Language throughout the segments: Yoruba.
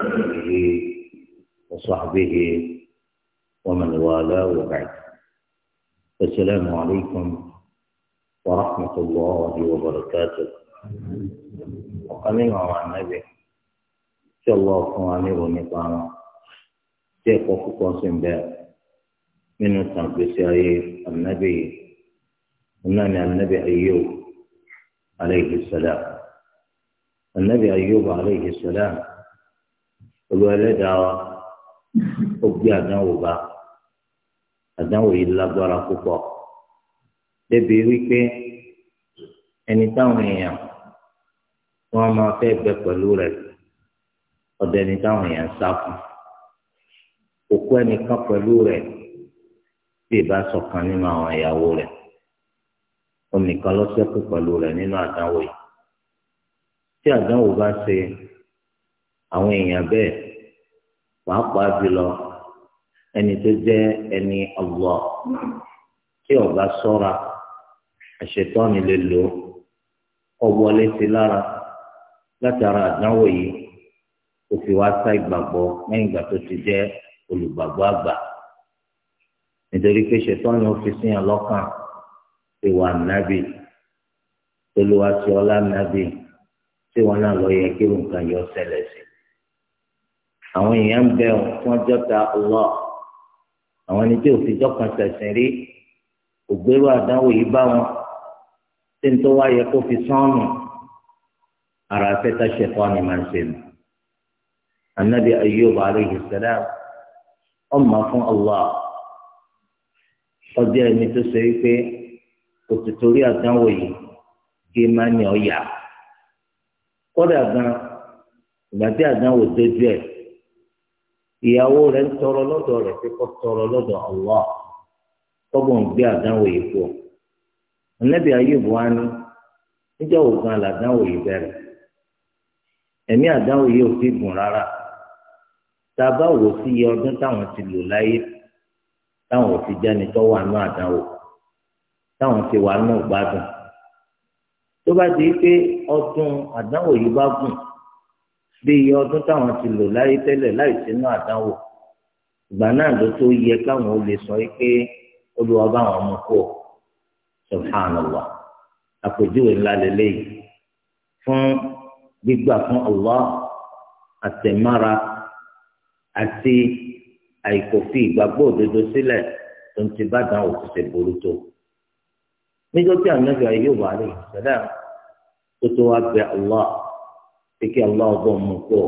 آله وصحبه ومن والاه وبعد السلام عليكم ورحمة الله وبركاته وقلنا مع النبي إن شاء الله فواني ونطعنا شيخ وفقه سنباء من تنفسي النبي أنني النبي أيوب عليه السلام النبي أيوب عليه السلام olú ẹlẹ́dàá wa ó gbé àdánwò bá àdánwò yìí lágbára púpọ̀ débi wípé ẹni táwọn èèyàn wọn máa fẹ́ bẹ pẹ̀lú rẹ̀ ọ̀dọ̀ ẹni táwọn èèyàn sá fún òkú ẹnìkan pẹ̀lú rẹ̀ bí ìbá ṣọ̀kan nínú àwọn ìyàwó rẹ̀ onìkan ló ṣẹ́kù pẹ̀lú rẹ̀ nínú àdánwò yìí tí àdánwò bá ṣe. àwọn èèyàn bẹ́ẹ̀ pàápàá jùlọ ẹni tó jẹ́ ẹni ọlọ tí ọba sọ́ra àṣetọ́ni lè lò ó wọlé sí lára látara àdánwò yìí ó fi wá sá ìgbàgbọ́ lẹ́yìn ìgbà tó ti jẹ́ olùgbàgbọ́ àgbà nítorí pé ṣetọ́ni ó fi síyàn lọ́kàn nábì nábì tí wọn náà lọ yẹ kí nǹkan yọ ṣẹlẹ̀ sí àwọn èèyàn ń bẹ ọ tí wọn jọta ọlọ àwọn ẹni tí òfìjọ kan ṣẹ̀sìn rí ògbérò àdánwò yìí bá wọn tí n tó wáyé kó fi sọọnù ara afẹta ṣẹfọ ni màá ṣe nù anabi Ayyub alayhi salam ọmọ fún Allah ọjọ́ ẹni tó ṣe wípé òtítọ́rí àdánwò yìí kí má ní ọ yà kódà gan ìgbà tí àdánwò dojú ẹ̀ ìyàwó rẹ̀ ń tọrọ lọ́dọ̀ rẹ̀ pé kó tọrọ lọ́dọ̀ Allah kọ́bọ̀ ń gbé àdánwò yìí pọ̀ ọ̀nẹ́bí ayébu wa ní níjọ́ òògùn àlàdánwò yìí bẹ̀rẹ̀ ẹ̀mí àdánwò yìí ò fi gùn rárá tá a bá wò sí iye ọdún táwọn ti lò láyé táwọn ò fi jẹ́ni tó wà àdánwò táwọn ti wà ní ògbádùn tó bá di pé ọdún àdánwò yìí bá gùn bí iye ọdún táwọn ti lò láyé tẹ́lẹ̀ láì sínú àdánwò ìgbà náà ló tó yẹ káwọn ó lè sọ pé olúwa bá wọn mú kú ọ subhanallah àpèjúwe ńlá lélẹ́yìí fún gbígbà fún allah àtẹ̀mára àti àìkòfin ìgbàgbọ́ òdodo sílẹ̀ tó ń ti bá dáhùn òṣìṣẹ́ burú tó níjọ́ tí ànábì ayé wà lè sẹ́dá tó tó wá bẹ allah pé kí Allah bọ̀ mú pọ̀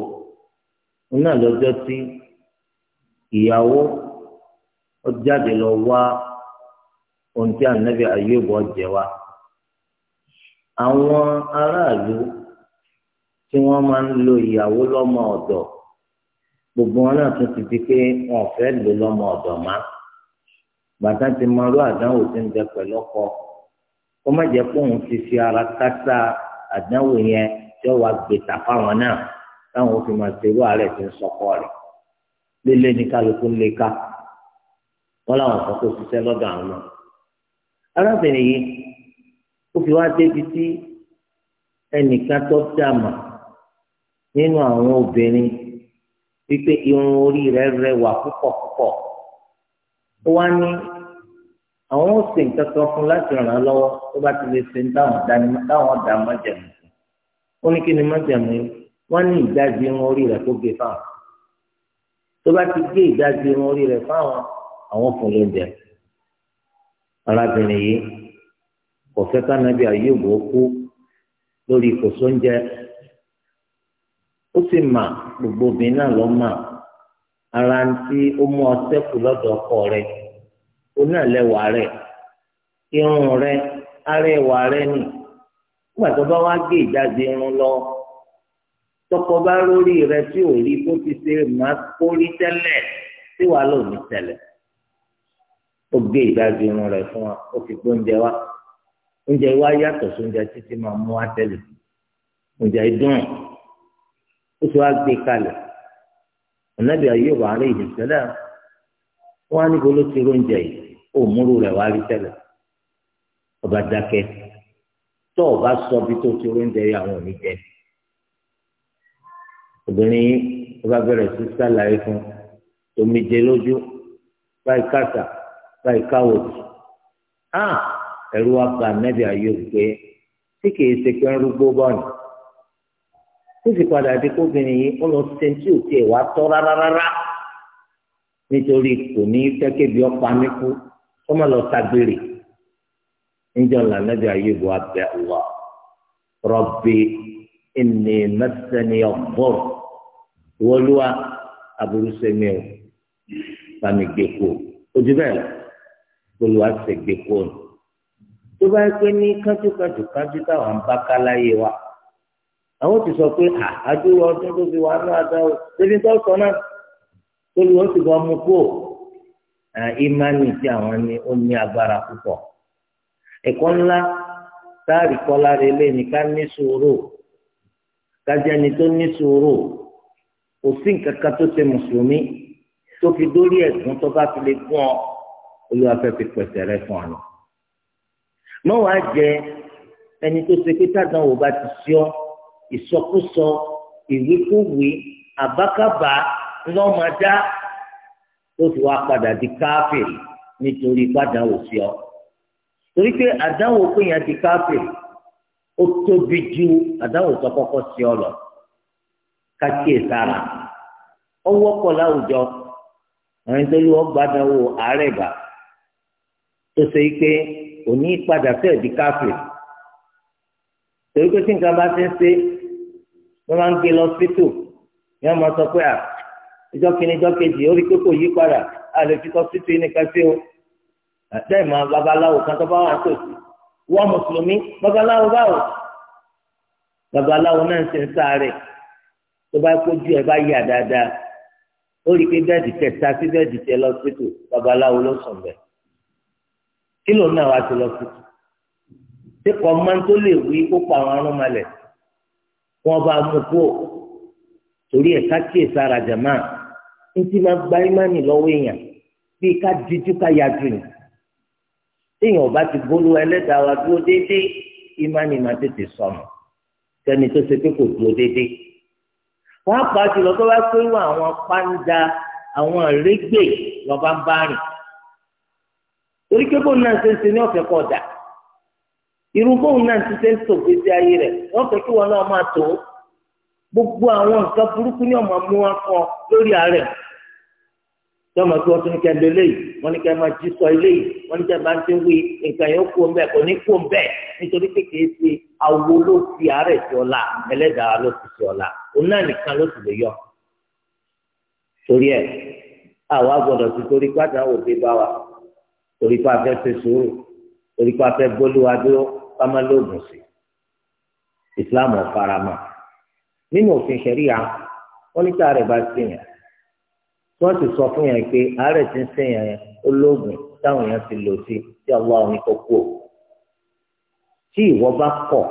òun náà lọ́jọ́ tí ìyàwó ó jáde lọ wá ohun tí ànábì ayébọ̀ jẹ wá àwọn aráàlú tí wọ́n máa ń lo ìyàwó lọ́mọ ọ̀dọ̀ gbogbo wọn náà tún ti di pé wọn ò fẹ́ lò lọ́mọ ọ̀dọ̀ má bàtà ti máa rú àdánwò tí ń bẹ pẹ̀lú ọkọ kó má jẹ́ pé òun ti fi ara kásá àdánwò yẹn tí ó wà gbèsà fáwọn náà táwọn òfin máa ṣe irú ààrẹ ti ń sọkọ rẹ lílé ní kálukú ń lè ká wọn làwọn kan kó ṣiṣẹ́ lọ́dọ̀ àwọn náà arábìnrin yìí ó fi wá débi tí ẹnìkan tó dàmà nínú àwọn obìnrin wípé irun orí rẹ̀ rẹwà púpọ̀ púpọ̀ ó wá ní àwọn ó sì ń kankan fún láti ràn án lọ́wọ́ tó bá ti lè ṣe ń dáhùn dáhùn dáhùn dàmọ ó ní kí ni májàmú wọn ní ìdajì wọn orí rẹ̀ tó gé fáwọn tó bá ti gé ìdajì wọn orí rẹ̀ fáwọn àwọn fún lóúnjẹ arábìnrin yìí kò fẹ́ kánábì àyèwò kú lórí ìkòsó oúnjẹ ó sì mà gbogbo obìnrin náà lọ mà ara ń ó mú ọ sẹ́kù lọ́dọ̀ ọkọ rẹ̀ ó náà lẹ́wàá rẹ̀ irun rẹ̀ ara ẹ̀wà rẹ̀ nìí nígbà tó bá wá gé ìjáde irun lọ tọkọ bá lórí rẹ tí ò rí kó ti ṣe máa kó rí tẹ́lẹ̀ tí wàá lò ní tẹ́lẹ̀ ó gé ìdájọ́ irun rẹ̀ fún wa ó fi gbóúnjẹ wa oúnjẹ wa yàtọ̀ sí oúnjẹ títí máa mú wa tẹ́lẹ̀ oúnjẹ dùn ó sì wá gbé kalẹ̀ ọ̀nàbí ayéwà rẹ̀ ìdìsẹ́lẹ̀ wọn á níbo ló ti róúnjẹ yìí ó múrú rẹ̀ wá rí tẹ́lẹ̀ ọba dákẹ́ tó o bá sọ bí tó ti oúnjẹ yà wọn ò ní jẹ obìnrin yìí ó bá bẹ̀rẹ̀ sí sàlàyé fún omijé lójú báyìí kàtà báyìí káwòtì á ẹ̀rú wa pa nẹ́bí ayé òkè tí kìí ṣe pé ń rúgbó bọ́ọ̀nù tó sì padà dé kóbìnrin yìí ó lọ sẹ́ńtì òkè wá tọ́ rárá nítorí kò ní fẹ́ kébi ọ̀pá mi kú ó má lọ ṣàgbèrè níjọ́ ńlá nàbí ayébu abẹ́ Allah Rabbi inni massani ad-durr wọlúwa aburú sẹ́mi o bami gbẹ̀kọ́ ojú bẹ́ẹ̀ lọ olùwà sẹ̀ gbẹ̀kọ́ ni tó bá yẹ pé ní kájúkájú kájú táwọn bá ká láyé wa àwọn ti sọ pé àdúrà ọdún tó fi wà náà dá o débi tó sọ náà olùwà sì bá mú kó ìmánì tí àwọn ní ó ní agbára púpọ̀ ẹ̀kọ́ ńlá táàrí kọ́lá rẹ̀ ni ní ká ní sùúrù kájẹni tó ní sùúrù kò sí nǹkan kan tó ṣe mùsùlùmí tó fi dórí ẹ̀gbọ́n tó bá fi lè gún ọ olúwa fẹ́ fi pẹ̀sẹ̀ rẹ fún ọ lọ. mọ́ wàá jẹ ẹni tó ṣe pé tàdánwò bá ti ṣí ọ ìsọkúsọ ìwíkúwí àbákàbà lọ́mọdá tó fi wá padà di káfíìn nítorí pàdánwò sí ọ. torí pé àdánwò pé ti ó tóbi ju àdánwò tó si sí ọ lọ kákíyè sára ó wọ́pọ̀ láwùjọ àwọn ìtọ́jú ọgbàdánwò àárẹ̀ bá tó ṣe pé òní padà fẹ́ẹ̀ di káfẹ́ torí pé tí nǹkan bá ti ń ṣe wọ́n máa ń gbé lọ sípítù ní ọmọ sọ pé à ìjọ kìíní ìjọ àtẹ̀mọ́ babaláwo kan tó bá wà tòsí wọ́n mùsùlùmí babaláwo báwo babaláwo náà ń ṣe ń sáré tó bá kójú ẹ bá yà dáadáa ó rí i pé bẹ́ẹ̀dì tẹ ta sí bẹ́ẹ̀dì tẹ lọ sípò babaláwo ló sùn bẹ́ẹ̀ kí ló náà wá ti lọ sípò tí kò máa ń tó lè wí kó àwọn arún malẹ̀ wọn bá mú kú torí ẹ̀ ká sára jàmáà ń ti máa gba ìmánì lọ́wọ́ èèyàn bí ká díjú ká yájú ni téèyàn bá ti bólú ẹlẹ́dàá wa dúró déédéé ìmánì máa tètè sọnù sẹ́ni tó ṣe pé kò dúró déédéé. wọ́n á pa jùlọ tó bá pé wọ́n àwọn pàǹdà àwọn àrégbè lọ́ba ń bá rìn. torí pé bóun náà ṣe ń ṣe ní ọ̀fẹ́ kọ̀ dà irú bóun náà ti ṣe ń sòfin sí ayé rẹ̀ wọ́n fẹ́ kí wọn náà máa tó gbogbo àwọn nǹkan burúkú ní ọmọ mú wọn kọ lórí àárẹ̀ tọ́mọ̀ tí wọ́n tún ní kẹ́ lo eléyìí wọ́n ní kẹ́ máa jí sọ eléyìí wọ́n ní kẹ́ máa ti wí nǹkan yẹn kó mbẹ́ kò ní kó mbẹ́ nítorí kékeré ṣe awo ló fi àárẹ̀ sí ọ̀la ẹlẹ́dàá ló fi sí ọ̀la òun náà nìkan ló sì lè yọ. torí ẹ àwa gbọ́dọ̀ sí torí pátá òde bá wa torí pa afẹ́ ṣe sùúrù torí pa afẹ́ gbólúwa dúró pámálógún sí ìsìláàmù ọ̀farama nínú òfin ṣẹ̀ríya wọ́n ní wọ́n sì sọ fún yẹn pé àárẹ̀ ti ń sẹ́yìn yẹn olóògùn táwọn èèyàn ti lò sí tí Allah ní kó kú o tí ìwọ bá kọ̀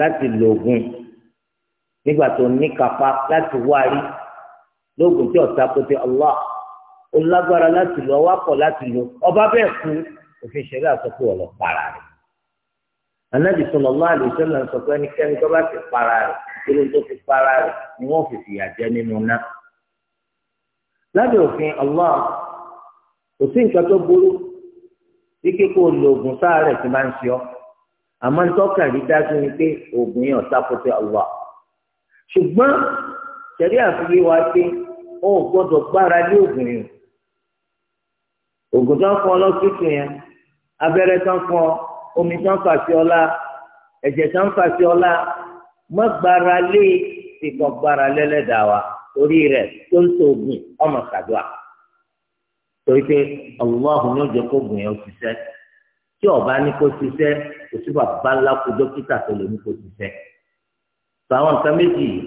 láti lo oògùn nígbà tó níkapá láti wárí lóògùn tí ọ̀tá kó ti Allah ó lágbára láti lo ọwọ́ kọ̀ láti lo ọba bẹ́ẹ̀ kú òfin ìṣẹ̀lẹ̀ àsọpọ̀ ọ̀lọ́ para rẹ̀ anabi sallallahu alaihi wasallam sọ pé ẹnikẹ́ni tó bá ti para rẹ̀ kí ló tó fi para rẹ̀ ni wọ́n fi fìyà jẹ nínú náà lábẹ́ òfin Allah kò sí nǹkan tó burú bí kíkó lo oògùn sáárẹ̀ tí máa ń ṣe ọ́ àmọ́ ntọ́kàn rí dájú ni pé oògùn yẹn ọ̀tá kò sí Allah ṣùgbọ́n ṣẹ̀rí àfiyé wa pé ó gbọ́dọ̀ gbára lé oògùn yẹn oògùn tó ń fún ọ lọ́sítù yẹn abẹ́rẹ́ tó ń fún ọ omi tó ń fà sí ọ lá ẹ̀jẹ̀ tó ń fà sí ọ lá má gbára lé ìkọ̀ gbára lẹ́lẹ́dàá wa orí rẹ̀ tó ń tó ogun ọmọ sàdúà torí pé ọlọ́hùn ní ọjọ́ kó gùn yẹn ó ṣiṣẹ́ tí ọba ní kó ṣiṣẹ́ kò sí bàbá ńlá kó dókítà tó lè ní kó ṣiṣẹ́ tó àwọn nǹkan méjì yìí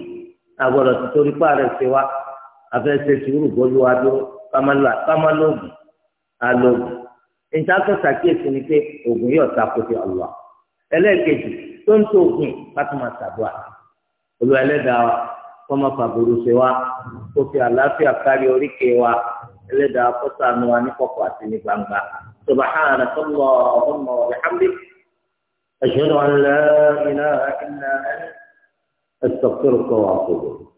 àgbọ̀dọ̀ ti torí pa rẹ̀ ṣe wá afẹ́ṣe sùúrù bọ́lú wa dúró kámálóògùn alóògùn ìtàkùn ṣàkíyèsí ni pé oògùn yóò takò sí ọlọ́ ẹlẹ́ẹ̀kejì tó ń tó oògùn bá tó olú ẹlẹ́dàá wa kọ́mọ fàbùrù ṣe wa kó fi àlàáfíà kárí oríkèé wa ẹlẹ́dàá kọ́sàánú wa ní kọ̀kọ̀ àti ní gbangba. سبحانك اللهم وبحمدك أشهد أن لا إله إلا أنت أستغفرك وأتوب إليك